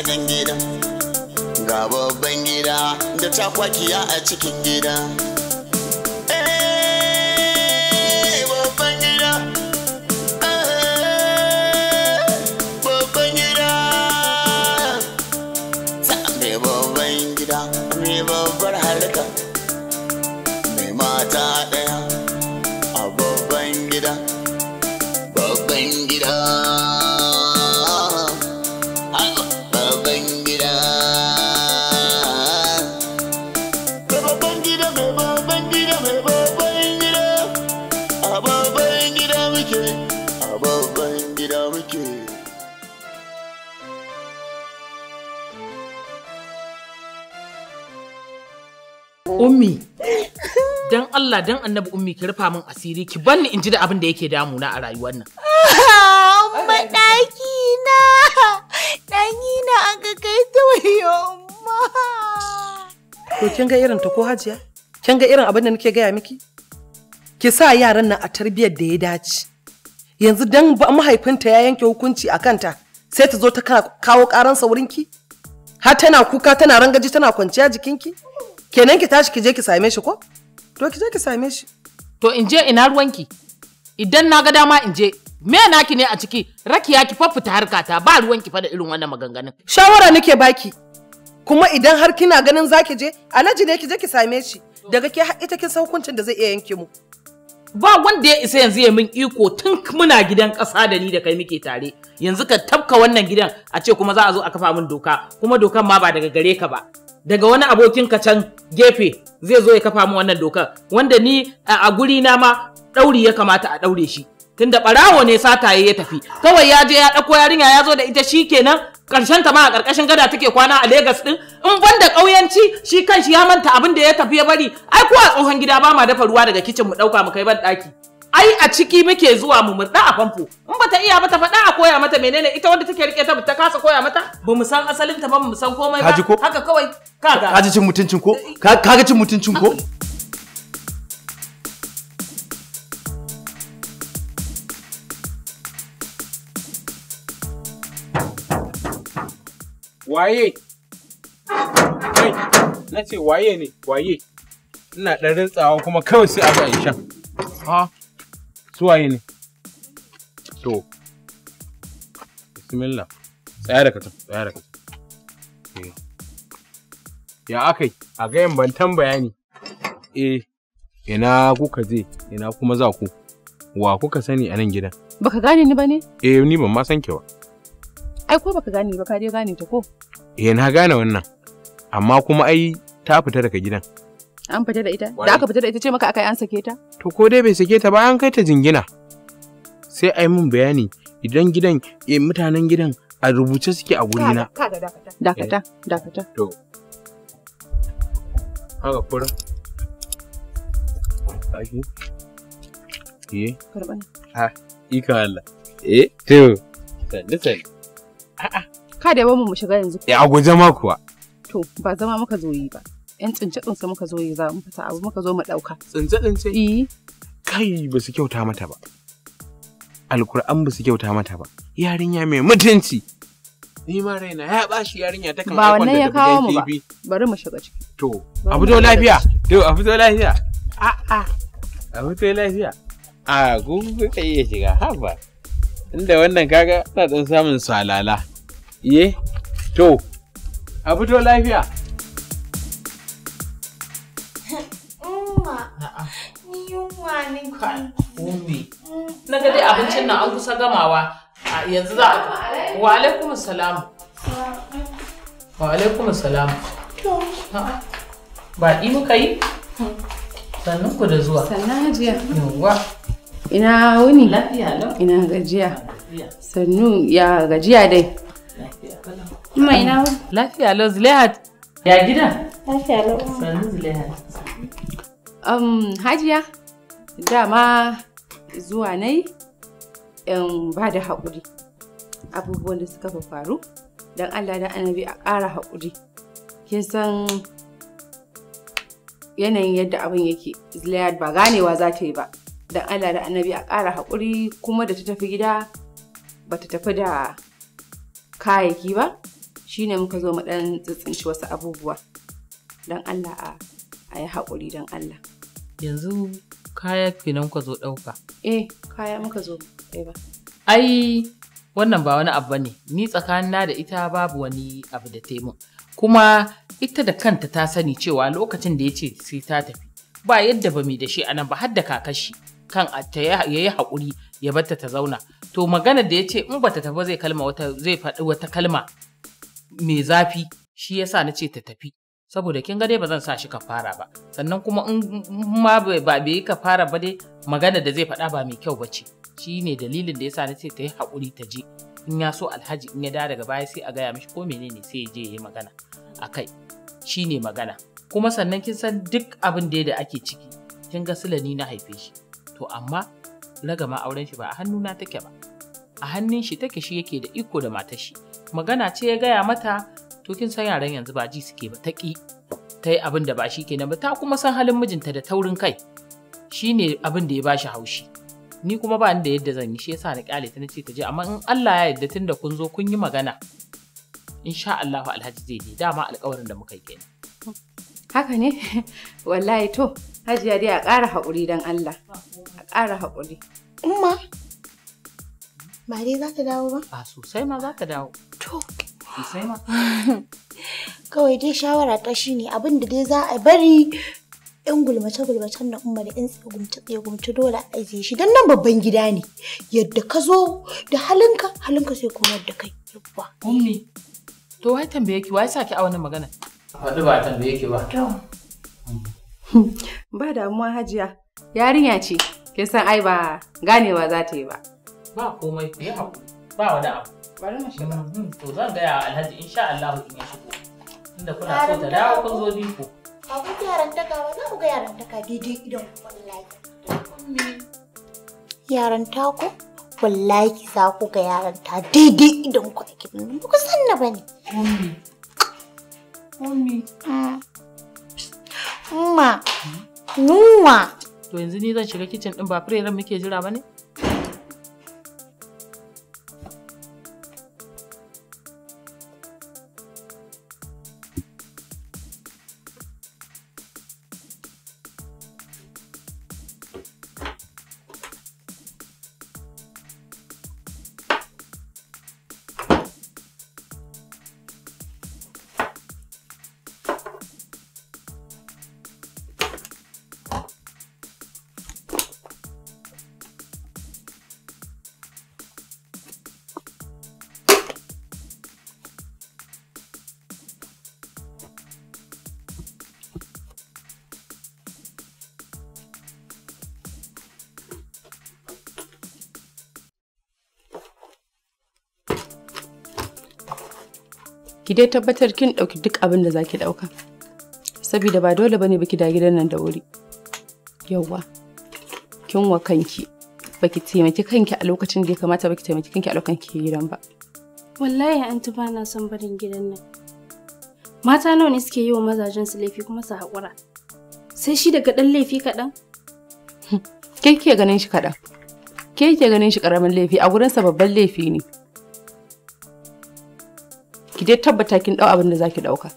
ajin gida ga babban gida da takwakiya a cikin gida Allah dan annabi ummi ki rufa min asiri ki banni in ji da abin da yake damuna a rayuwar nan. amma na na aka kai ta wayo To kin ga irin ta ko hajiya? Kin ga irin abin da nake gaya miki? Ki sa yaran nan a tarbiyyar da ya dace. Yanzu dan mahaifinta ya yanke hukunci a kanta sai ta zo ta kawo ƙaransa wurinki? Har tana kuka tana rangaji tana kwanciya jikinki? Kenan ki tashi ki je ki same shi ko? To ki je ki same shi. To in je ina ruwanki? Idan na ga dama in je. Me naki ne a ciki? Rakiya ki faffita harkata ba ruwanki fa da irin wannan maganganun. Shawara nake baki. Kuma idan har kina ganin zaki je, Alhaji ne ki je ki same shi. Daga ke har ita kin san hukuncin da zai iya yanke mu. ba wanda ya isa yanzu ya min iko tun muna gidan ƙasa da ni da kai muke tare yanzu ka tabka wannan gidan a ce kuma za a zo a kafa min doka kuma dokan ma ba daga gare ka ba daga wani abokin ka can gefe zai zo ya kafa mu wannan dokar wanda ni a guri na ma ɗauri ya kamata a ɗaure shi tunda ɓarawo ne sataye ya tafi kawai ya je ya ɗauko yarinya ya zo da ita shi kenan ƙarshen ta ma a ƙarƙashin gada take kwana a Legas ɗin in banda ƙauyanci shi kan shi ya manta abin da ya tafi ya bari ai ko a tsohon gida ba ma dafa ruwa daga kicin mu ɗauka mu kai ban daki ai a ciki muke zuwa mu murda a famfo in bata iya ba ta faɗa a koya mata menene ita wanda take rike ta ta kasa koya mata ba mu san asalin ta ba mu san komai ba haka kawai kaga kaji cin mutuncin ko eh, kaga cin mutuncin ko waye kai na ce waye ne waye ina ɗan rintsawa kuma kawai sai a ga in sha ha waye ne to bismillah tsaya da katon tsaya da katon eh. ya aka yi a gayan bantan bayani eh ina kuka je ina kuma za ku wa kuka sani a nan gidan baka gane ni ba ne eh ni ban ma san ba ai ko baka gane ba ka dai gane ta ko eh na gane wannan amma kuma ai ta fita daga gidan An fita da ita? Da aka fita da ita ce maka aka yi an sake ta? To ko dai bai sake ta ba an kai ta jingina. Sai a yi min bayani idan gidan eh, mutanen gidan a rubuce suke a guri na. Dakata, eh. dakata. To. Haka kura. Aki. Iye. Eh. Ha, ika Allah. Eh, to. Sanni sanni. A'a. Ka da mu mu shiga yanzu. Eh, a guje ma kuwa. To, ba zama muka zo yi ba. yan tsince tsince muka zo yi za mu fita abu muka zo mu dauka tsince tsince eh kai ba su kyauta mata ba alkur'an ba su kyauta mata ba yarinya mai mutunci ni ma raina ya bashi yarinya ta kan ba wannan ya kawo mu ba bari mu shiga ciki to a fito lafiya to a fito lafiya a a a fito lafiya a gugu ka iya shiga haba inda wannan kaga na dan samun salala iye to a fito lafiya hannunka. Ummi. Na ga dai abincin nan an kusa gamawa. Yanzu za a Wa alaikum salam. Wa alaikum salam. Ba ɗi muka yi? Sannan ku da zuwa. Sannan hajiya. Yawwa. Ina wuni? Lafiya lau. Ina gajiya. Sannu ya gajiya dai. Kuma ina wuni? Lafiya lau Zulehat. Ya gida? Lafiya lau. Sannu Zulehat. Um, hajiya. dama zuwa nai yan ba da haƙuri abubuwan da suka fi faru don allah da annabi a ƙara haƙuri kin san yanayin yadda abin yake zilayar ba ganewa za ta yi ba don allah da annabi a ƙara haƙuri kuma da ta tafi gida ba ta tafi da kayayyaki ba shine muka zo mu ɗan tsitsinci wasu abubuwa don allah a yi haƙuri don allah yanzu kaya nan ka zo ɗauka. Eh, kaya muka zo ba. Ai, wannan ba wani abu ne, ni tsakanina da ita babu wani abu da taimun. Kuma ita da kanta ta sani cewa lokacin da ya ce sai ta tafi, ba yadda ba mai da shi anan ba har da kakashi kan ta ya yi haƙuri ya batta ta zauna. To maganar da ya ce in bata tafi zai kalma wata zai faɗi wata kalma mai zafi shi yasa na ce ta tafi. saboda kin ga dai ba zan sa shi ka fara ba sannan kuma in ma ba bai yi fara ba dai magana da zai faɗa ba mai kyau bace ne dalilin da ya yasa ce ta yi hakuri ta je in ya so alhaji in ya da daga baya sai a gaya mishi ko menene sai ya je ya yi magana A kai, shi ne magana kuma sannan kin san duk abin da da ake ciki kin ga silani na haife shi to amma ragama auren shi ba a hannuna take ba a hannun shi take shi yake da iko da matar shi magana ce ya gaya mata to kin san yaran yanzu ba ji suke ba ta ki ta yi abin da ba shi kenan ba ta kuma san halin mijinta da taurin kai shine abin da ya bashi haushi ni kuma ba ni da yadda zan yi shi yasa na kyale ta nace ta je amma in Allah ya yarda tunda kun zo kun yi magana insha Allah Alhaji zai je dama alƙawarin da muka yi kenan haka ne wallahi to hajiya dai a ƙara haƙuri don Allah a ƙara haƙuri umma Mare za ta dawo ba? A sosai ma za ta dawo. To, ma. Kawai dai shawara ta shi ne abin da dai za a bari yan gulmace-gulmacen na umma da yan tsagumce dole a ajiye shi don nan babban gida ne. Yadda ka zo da halinka, halinka sai kuma da kai. Yabba. umni to wai tambaye ki, wai sa ki a wannan magana? Faɗi ba tambaye ki ba. Ba damuwa hajiya. Yarinya ce, kin san ai ba ganewa za ta yi ba. Ba komai, ku yi ba wani abu. bari mu shiga mm, mm. to zan gaya alhaji insha Allah in ya shigo inda kuna so ta dawo kun zo diko ba ku ga yarantaka ba za ku ga yarantaka daidai idan wallahi yaranta ku wallahi za ku ga yaranta daidai idan ku a gidan ba ku san na bane ummi ummi mm. umma hmm? nuwa to yanzu ni zan shiga kicin din ba fure muke jira bane ki dai tabbatar kin ɗauki duk abin da zaki dauka ɗauka saboda ba dole bane baki da gidan nan da wuri yawa kin wa kanki baki taimaki kanki a lokacin da ya kamata baki taimaki kanki a lokacin ki gidan ba wallahi anti ba na son barin gidan nan mata nawa ne suke yi wa mazajen su laifi kuma su haƙura sai shi daga ɗan laifi kaɗan ke ke ganin shi kaɗan ke ke ganin shi ƙaramin laifi a gurinsa babban laifi ne ki je tabbata kin dau abin da zaki dauka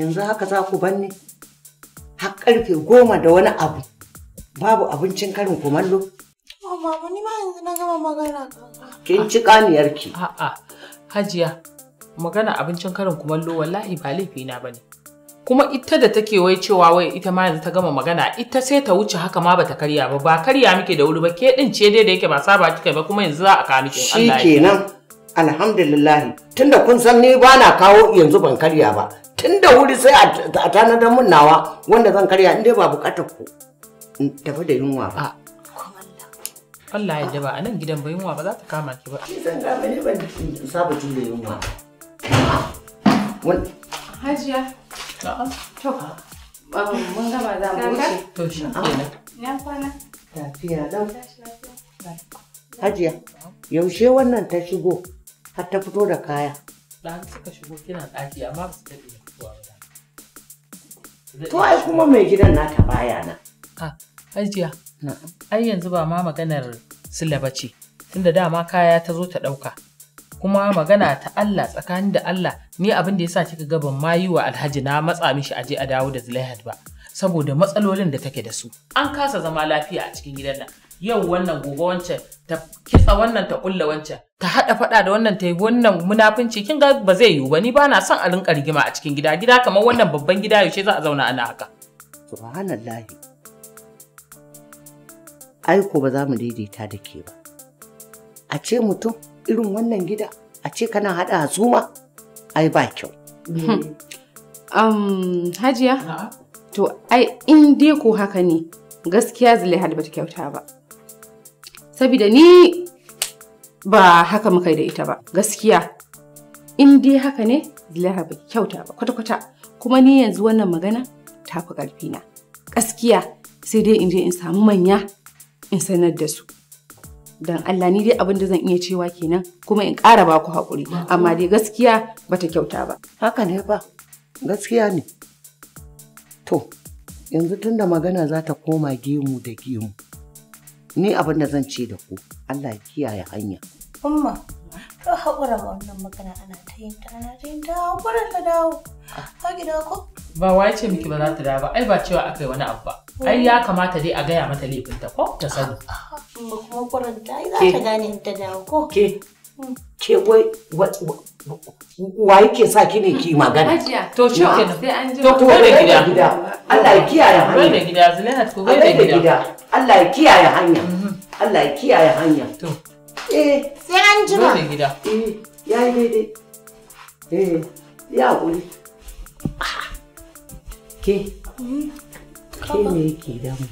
yanzu haka za ku banni har karfe goma da wani abu babu abincin karin kumallo oh, mama ni ma yanzu na gama magana kin ci kaniyarki a'a hajiya magana abincin karin kumallo wallahi ba laifi na bane kuma ita da take wai cewa wai ita ma yanzu ta gama magana ita sai ta wuce haka ma bata karya ba ba karya muke da wuri ba ke din ce dai da yake ba saba kika ba kuma yanzu za a kawo miki Allah ya kenan alhamdulillah tunda kun san ni ba na kawo yanzu ban karya ba tun da wuri sai a tanadar mun nawa wanda zan karya inda ba bukatar ku in tafi da yunwa ba. Allah ya jaba a nan gidan ba yunwa ba za ta kama ki ba. Zan kama ne ban saba da yunwa. Hajiya. To. Mun gama za mu wuce. To shi kenan. Ya kwana. Lafiya lau. Hajiya, yaushe wannan ta shigo har ta fito da kaya. Da suka shigo kina ɗaki amma ba su tafi To ai kuma mai gidan naka baya na. A ajiya. Ai yanzu ba ma maganar sila ba ce, tunda dama kaya ta zo ta ɗauka. Kuma magana ta Allah tsakanin da Allah ni abin da ya sa kika ga ban ma wa Alhaji na matsa mishi aje a dawo da Zulaihat ba saboda matsalolin da take da su. An kasa zama lafiya a cikin gidan nan. yau wannan gobe wancan ta kitsa wannan ta kulla wancan ta haɗa faɗa da wannan ta yi wannan munafunci kin ga ba zai yiwu ba ni ba na son a rinka rigima a cikin gida gida kamar wannan babban gida yaushe za a zauna ana haka subhanallahi ai ko ba za mu daidaita da ke ba a ce mutum irin wannan gida a ce kana haɗa zuma ai ba kyau um, hajiya to ai in dai ko haka ne gaskiya zulaiha ba ta kyauta ba Saboda ni ba haka muka da ita ba. Gaskiya. In dai haka ne, Dilara ba kyauta ba kwata-kwata. Kuma ni yanzu wannan magana ta fi na. Gaskiya sai dai in je in samu manya in sanar da su. Dan Allah ni dai abin da zan iya cewa kenan kuma in ƙara ba ku haƙuri. Amma dai gaskiya bata kyauta ba. Haka ne ba. Gaskiya ne. To, yanzu tunda magana za ta koma gemu da gemu. ni abin da zan ce da ku Allah ya kiyaye hanya umma ka haƙura ba wannan magana ana ta yin ta ana ta yin ta haƙura ta dawo Ha gida ko ba wai ce miki ba za ta dawo ba ai ba cewa akai wani abu ba ai ya kamata dai a gaya mata laifinta ko ta sani ba kuma ta ai za ta gane in ta dawo ko ke ke wai wa ke sa ki ne ki magana to shi ke to ku gida Allah ya kiyaye hanya gida zulaiha da gida Allah ya kiyaye hanya mhm. Allah ya kiyaye hanya To. eh sai an jima dole gida eh yayi daidai eh ya hakuri ke mhm. ke me yake damu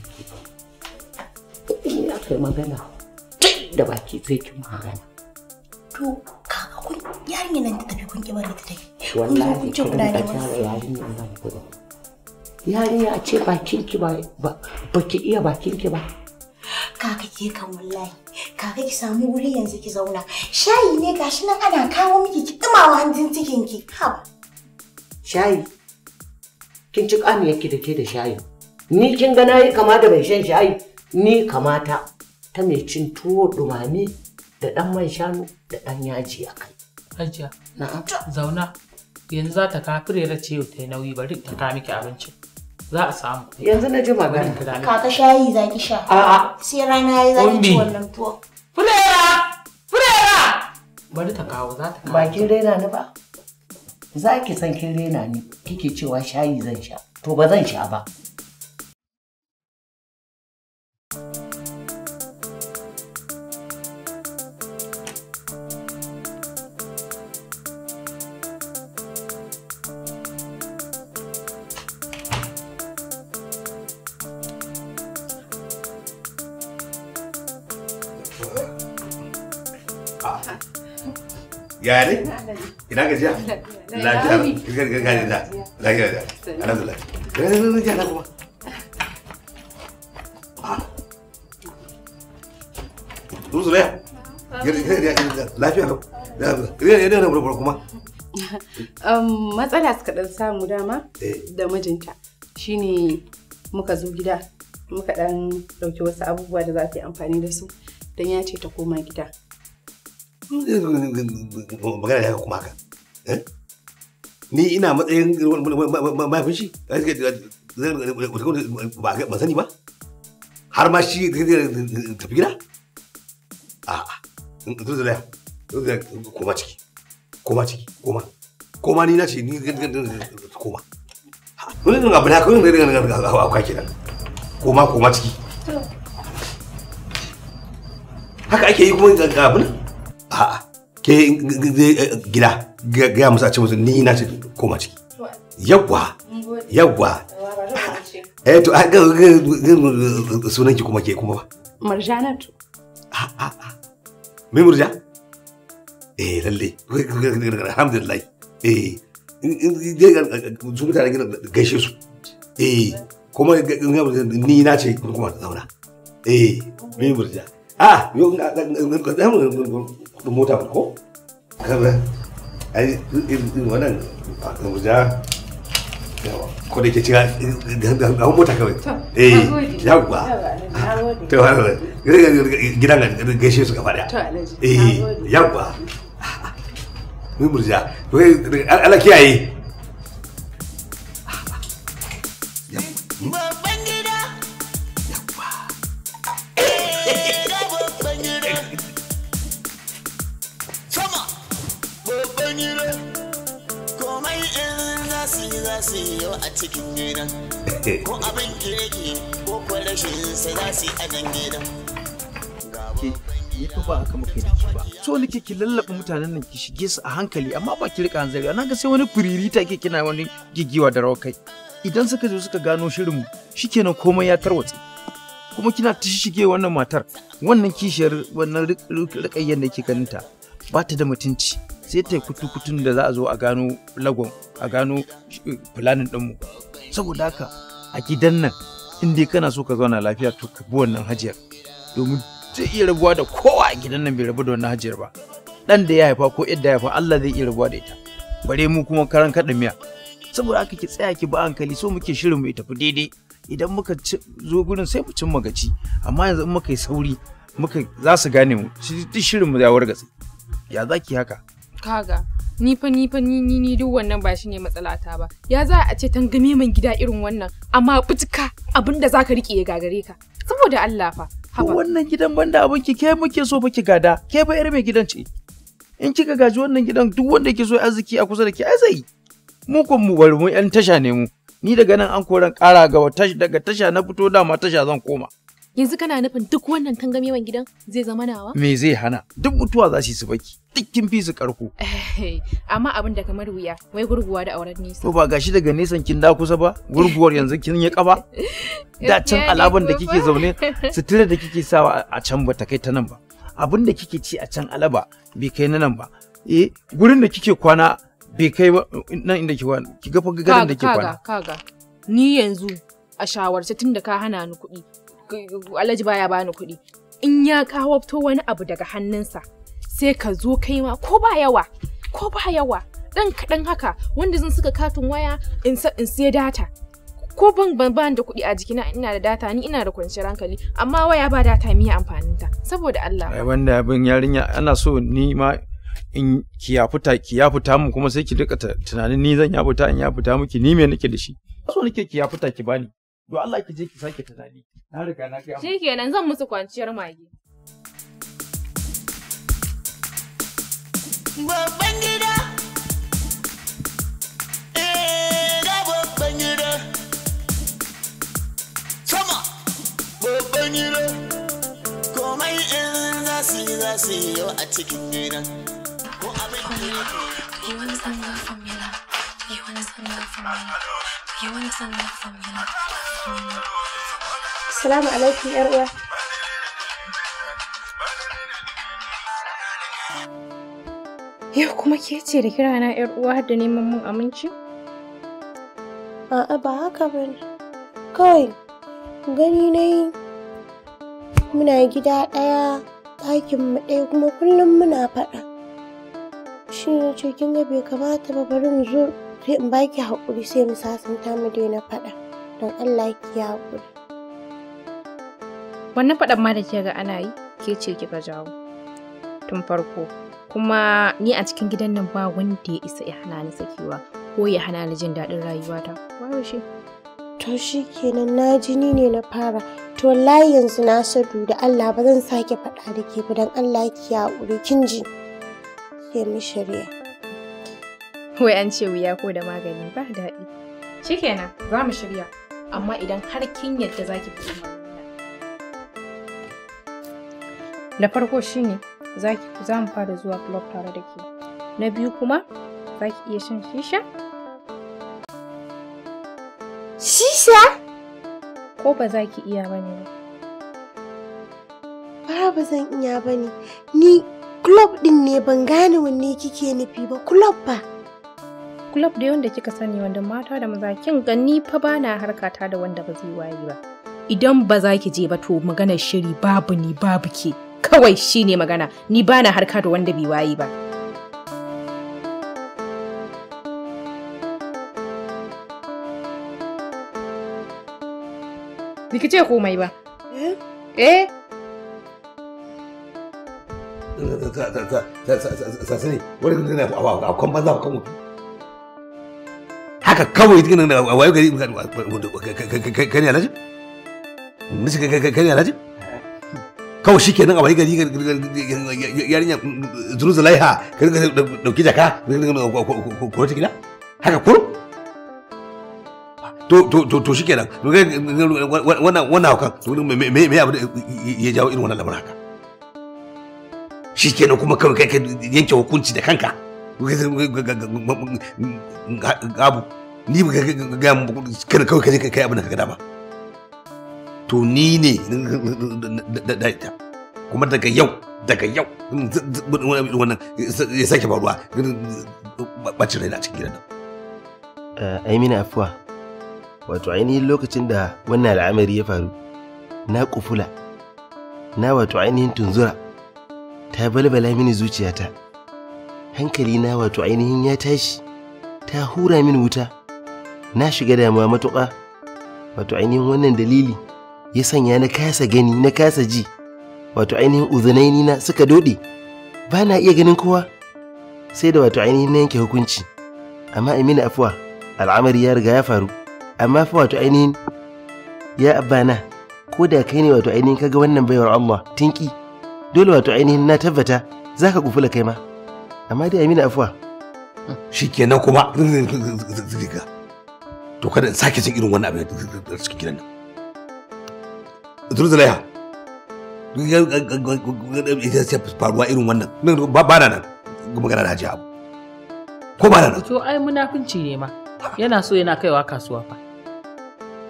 eh, in aka kai magana da baki zai ki magana to kaga kun yarinya nan ta tafi kun ki bari ta tafi wallahi kun ce kuna da yarinya nan yarinya a ce ki ba baki iya bakinki ba kaka ke kan wallahi kaka ki samu wuri yanzu ki zauna shayi ne gashi nan ana kawo miki ki dumawa hanjin cikin ki shayi kin ci kamiyarki da ke da shayi ni kin ga nayi kama da bai shan shayi ni kamata ta mai cin tuwo dumame da dan man shanu da dan yaji a kai hajiya na'am zauna yanzu za ta kafirera ce ta nauyi bari ta ka miki abincin za a samu yanzu na ji magana kaka shayi za ki sha a'a sai rana ya za ki ci wannan tuwo Fulera! Fulera! bari ta kawo za ta kawo ba kin rena ni ba za ki san kin rena ni kike cewa shayi zan sha to ba zan sha ba ya ne ina gajiya lafiya gajiya da lafiya da alhamdulillah gajiya da kuma Ruzu ne? Lafiya lau. Rina ne da kuma. Um, matsala suka ɗan samu dama eh. da mijinta shine muka zo gida muka ɗan ɗauki wasu abubuwa da za ta yi amfani da su don ya ce ta koma gida. magana ya kuma haka ni ina matsayin shi ba sani ba har ma shi tafi gida koma ciki koma ciki koma koma ni na ce ni koma koma koma haka ake yi kuma ga abin ke gida gaya musu a ce musu ni na ce koma ciki yawwa yawwa eh to a ga sunan ki kuma ke kuma ba marjanatu a a a me murja eh lalle alhamdulillah eh su mutane gina gaishe su eh kuma ni na ce kuma zauna eh me murja ah yau kudin mota ba ko kaza ai wannan abuja ko da ke cira da mota kawai eh yawa ah, to gidan gaishe su gaba daya eh yawa ah, ah. murja Allah kiyaye yi yau a cikin ko abin kirki ko kwalashin rashin yi a nan gidan ba haka muka da ba so nake ki lallaba mutanen nan ki shige su a hankali amma ba ki rika hanzari na ga sai wani ta ke kina wani gigiwa da rawar kai idan suka zo suka gano shirin shirinmu shikenan komai ya tarwatse kuma kina ta shige wannan matar wannan kishiyar wannan rikayyen da ke ganin ba ta da mutunci sai ta kutu-kutun da za a zo a gano lagon a gano fulanin eh, ɗinmu saboda haka a gidan nan inda kana so ka zauna lafiya to ka bi wannan hajiyar domin zai iya rabuwa da kowa a gidan nan bai rabu da wannan hajiyar ba ɗan da ya haifa ko yadda ya haifa Allah zai iya rabuwa da ita bare mu kuma karan kaɗa miya saboda haka ki tsaya ki ba hankali so muke shirin mu ya tafi daidai idan muka zo gurin sai mu cimma gaci amma yanzu in muka yi sauri muka za su gane mu duk shirin mu ya wargatse ya zaki haka kaga ni fa ni fa ni ni duk wannan ba shine matsalata ba ya za a ce tangame man gida irin wannan amma butuka abinda zaka rike ya gagare ka saboda Allah fa haba wannan gidan banda abin ki ke muke so fa ki gada ke fa yar mai gidan ce in kika gaji wannan gidan duk wanda yake so arziki a kusa da ki ai zai mu kun mu bari mu yan tasha ne mu ni daga nan an koran kara ga daga tasha na fito da ma tasha zan koma Yanzu kana nufin duk wannan tangamewan gidan zai zama nawa? Me zai hana? Duk mutuwa za su yi su baki. Duk kin fi su karko. Eh, amma abin da kamar wuya, wai gurguwa da auren nesa. To ba gashi daga nesan kin da kusa ba, gurguwar yanzu kin yi kaba. Da can alaban da kike zaune, sutura da kike sawa a can ba ta kai ta nan ba. Abin da kike ci a can alaba bai kai na nan ba. Eh, gurin da kike kwana bai kai ba nan inda ke kwana. Ki ga fa da ke kwana. Kaga, kaga. Ni yanzu a shawarce tun da ka hana ni kuɗi alhaji baya bani kuɗi in ya kawo wani abu daga hannunsa sai ka zo kai ma ko ba yawa ko ba yawa dan kaɗan haka wanda zan saka katin waya in sai data ko ban ban da kuɗi a jikina ina da data ni ina da kwanciyar hankali amma waya ba data miya amfanin ta saboda Allah ai wanda abin yarinya ana so ni ma in ki ya fita ki ya fita mu kuma sai ki duka tunanin ni zan ya fita in ya fita miki ni me nake da shi so nake ki ya fita ki bani Do Allah ki je ki sake tunani. Na riga na kai. Shikenan zan musu kwanciyar mage. Babban gida. Eh, ga babban gida. Sama. Babban gida. Komai in za su yi za su yi yau a cikin gidan. Ko abin da yake. You understand love formula. You understand love formula. yi wani love formula. Assalamu alaikum ‘yar uwa. Yau kuma ke ce da kirana ‘yar uwa da neman mun aminci? A'a ba haka Kawai gani na yi muna gida ɗaya ɗakin mu ɗaya kuma kullum muna faɗa. Shi ne kin ga bai kamata ba bari mu zo sai in baki haƙuri sai mu sasanta mu daina faɗa. don Allah ki kuri. Wannan faɗan ma da ke ga ana yi ke ce kika jawo tun farko kuma ni a cikin gidan nan ba wanda ya isa ya hana ni sakewa ko ya hana ni jin daɗin rayuwata. Wani shi. To shi kenan na jini ne na fara to wallahi yanzu na sadu da Allah ba zan sake faɗa da ke ba don Allah ki kuri kin ji. Ke mi shari'a. Wai an ce wuya ko da magani ba daɗi. Shikenan, za mu shirya. amma idan har kin yadda za ki fito na farko shine za ki za mu fara zuwa club tare da ke na biyu kuma za ki iya shan shisha shisha ko ba za ki iya bane ba fara ba zan iya bane ni club din ne ban gane wanne kike nufi ba club ba club da wanda kika sani wanda mata da maza kin gani fa bana harkata da wanda ba zai waye ba idan ba za ki je ba to magana shiri babu ni babu ke kawai shine magana ni bana harka da wanda bai waye ba Ni ce komai ba. Eh? Sassani, wani kuma zai na a kwan banza a kan mutu. haka kawai duk nan a wayo gari kai ne alhaji nace kai ne alhaji kawai shi kenan a wayo gari yarinya zuluzulaiha ka rika dauki jaka ko ta gida haka kurum to shi to to shikenan wannan wannan haukan wani mai abu da ya jawo irin wannan lamarin haka shi shikenan kuma kawai kai yanke hukunci da kanka gabu ni ba ga kada kawai kaje kai abin da ka dama to ni ne da ita kuma daga yau daga yau wannan ya sake faruwa bacin rai na cikin gidan nan eh, aimina afuwa wato ainihin lokacin da wannan al'amari ya faru na kufula na wato ainihin tunzura ta balbala mini zuciyata hankali na wato ainihin ya tashi ta hura mini wuta na shiga damuwa matuƙa wato ainihin wannan dalili ya sanya na kasa gani na kasa ji wato ainihin uzunaini na suka dode ba na iya ganin kowa sai da wato ainihin na yanke hukunci amma amina afuwa al'amari ya riga ya faru amma fa wato ainihin ya abana ko da kai ne wato ainihin kaga wannan baiwar Allah tinki dole wato ainihin na tabbata za ka kufula kai ma amma dai amina afuwa shikenan kuma to kada in sake jin irin wannan abin da suke gidan nan zurzulaiha ita ce faruwa irin wannan ba na nan magana da hajiya ko ba na nan to ai munafunci ne ma yana so yana kaiwa kasuwa fa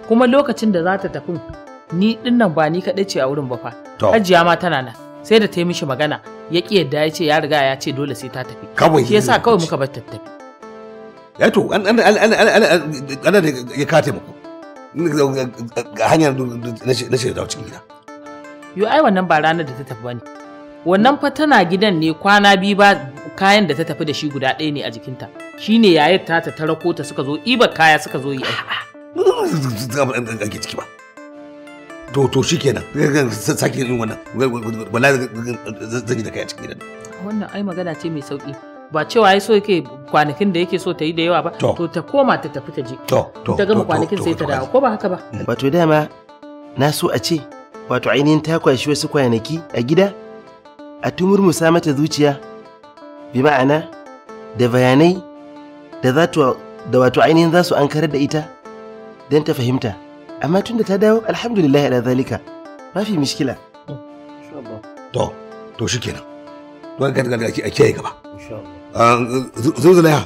kuma lokacin da za ta tafi ni dinnan ba ni kaɗai ce a wurin ba fa hajiya ma tana nan sai da ta yi mishi magana ya ƙi yadda ya ce ya riga ya ce dole sai ta tafi shi yasa kawai muka bar ta tafi ya an an an an an an an ya ka taimako ga hanyar na shi da cikin gida yo ai wannan ba ranar da ta tafi bane wannan fa tana gidan ne kwana biyu ba kayan da ta tafi da shi guda ɗaya ne a jikinta shine yayar ta ta rako ta suka zo iba kaya suka zo yi aiki. ake ciki ba to to shikenan sake yin wannan wallahi zan yi da kai a cikin gidan wannan ai magana ce mai sauki ba cewa ya so yake kwanakin da yake so ta yi da yawa ba to ta koma ta tafi ta je to ta gama kwanakin sai ta dawo ko ba haka ba mm. wato dama na so a ce wato ainihin ta kwashi wasu kwanaki a gida a tumurmusa mata zuciya bi ma'ana da bayanai da za da wato ainihin za su an karar da ita don ta fahimta amma tunda ta dawo alhamdulillah ala zalika ba fi mishkila to to shikenan ga gargaɗa a kiyaye gaba insha Allah Ah, Zululaiha.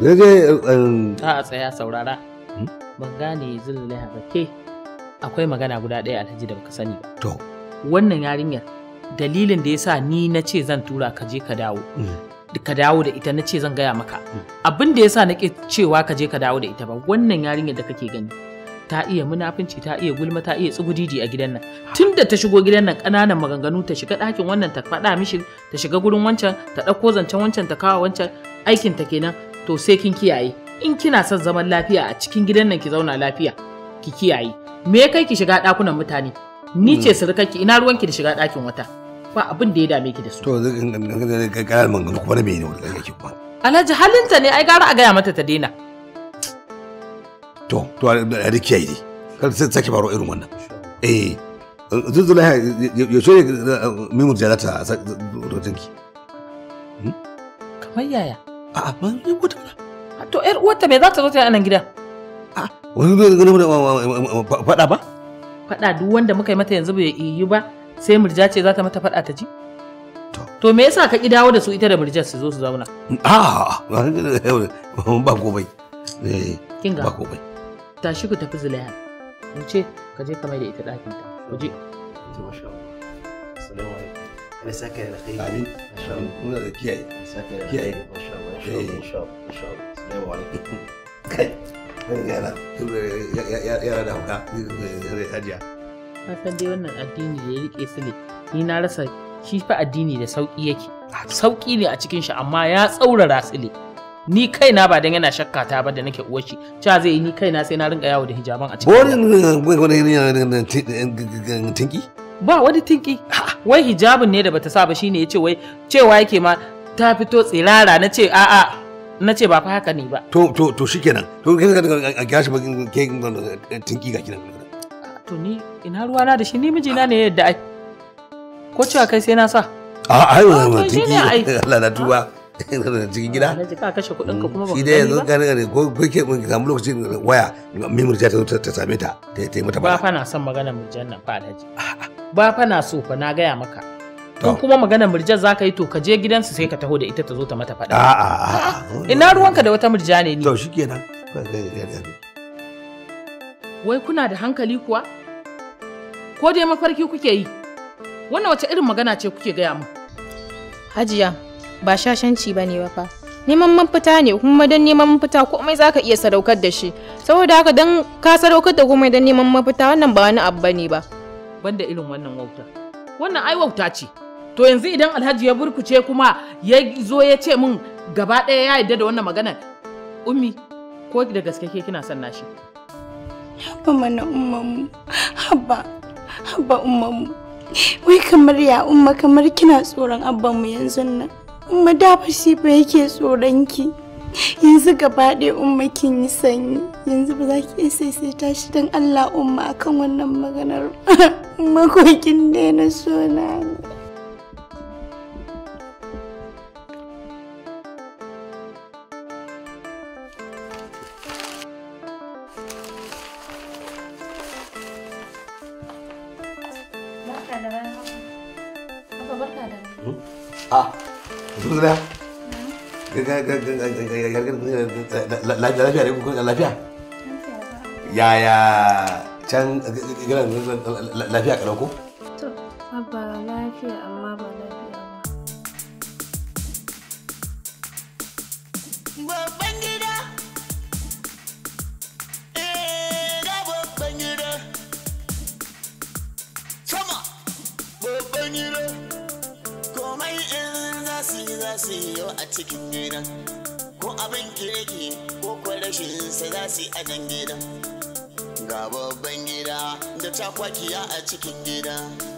Um, Zai A tsaya saurara. Hmm? Ban gane Zululaiha ba ke akwai magana guda ɗaya alhaji da baka sani ba. To. Wannan yarinyar dalilin da ya sa ni na ce zan tura ka je ka dawo. Hmm. Ka dawo da ita na ce zan gaya maka. Hmm. Abin da ya sa na ke cewa ka je ka dawo da ita ba wannan yarinyar da kake gani. ta iya munafunci ta iya gulma ta iya tsugudidi a gidan nan tun da ta shigo gidan nan ƙananan maganganu ta shiga ɗakin wannan ta faɗa mishi ta shiga gurin wancan ta ɗauko zancen wancan ta kawo wancan aikin ta kenan to sai kin kiyaye in kina son zaman lafiya a cikin gidan nan ki zauna lafiya ki kiyaye me kai ki shiga ɗakunan mutane ni ce surukarki ina ruwanki da shiga ɗakin wata ba abin da ya dame ki da su. To zai ga ga ga kuma na ga ga ga ga ga kuma. Alhaji halinta ne ai gara a gaya mata ta daina. to to a rike yi kan sai sake faro irin wannan eh zuzula ya so ne eh, mimu da ta rotinki hmm? kamar yaya a ban yi wata to yar uwarta me za ta zo ta anan gida a wani zai gani eh, eh, faɗa ba faɗa duk wanda muka yi mata yanzu bai yi ba sai murja ce za ta mata faɗa ta ji to me yasa ka ki da su ita da murjar su zo su zauna a ba komai ba komai tashi ku tafi zulaiha in ce ka je ka mai da ita ɗakin ta waje. je dai wannan addini da ya rike su ni na rasa shi fa addini da sauki yake ah, sauƙi ne a cikin shi amma ya tsaurara su ni kaina ba dan yana shakka ta ba da nake uwar shi cha zai ni kaina sai na rinka yawo da hijaban a cikin eh, eh, tinki ba wani tinki wai hijabin ne da bata sa ba shine yace wai cewa yake ma ta fito tsirara na ce a'a na ce ba fa haka ne ba to to to shikenan to a gashi ba ke eh, tinki ga kinan to ni ina ruwa na da shi ni mijina ne yadda ai ko cewa kai sai na sa a'a ai wannan ah, tinki Allah na tuba cikin gida ah, ka kashe kuɗin ka kuma ba shi dai yanzu ka ne ko ko ke mun samu lokacin waya mai murja ta ta same ta ta yi mata ba fa na son magana murjan nan fa alhaji ah, ah. ba fa na so fa na gaya maka in kuma magana murjan za ka yi to ka je gidansu sai ka taho da ita ta zo ta mata faɗa ina ruwanka da wata murja ne ni to shikenan wai kuna da hankali kuwa ko dai mafarki kuke yi wannan wace irin magana ce kuke gaya min hajiya ba shashanci ba ne ba fa neman mafita ne kuma don neman mafita komai za ka iya sadaukar da shi saboda haka don ka sadaukar da komai don neman mafita wannan ba wani abu bane ba banda irin wannan wauta wannan ai wauta ce to yanzu idan alhaji ya burkuce kuma ya zo ya ce min gaba ɗaya ya yadda da wannan magana ummi ko da gaske ke kina son nashi haba mana ummanmu haba haba ummanmu wai kamar ya umma kamar kina tsoron abbanmu yanzu nan uma da ba yake tsoronki yanzu gaba ɗaya umma kin yi sanyi yanzu ba za ki iya saisaita shi don allah umma akan wannan maganar umma ne kin daina sona ne tsaya lafiya ne kuma yaya can lafiya kalau lafiya su yau a cikin gidan ko abin kirki ko rashin sa za su yi a nan gidan ga babban gida da takwakiya a cikin gida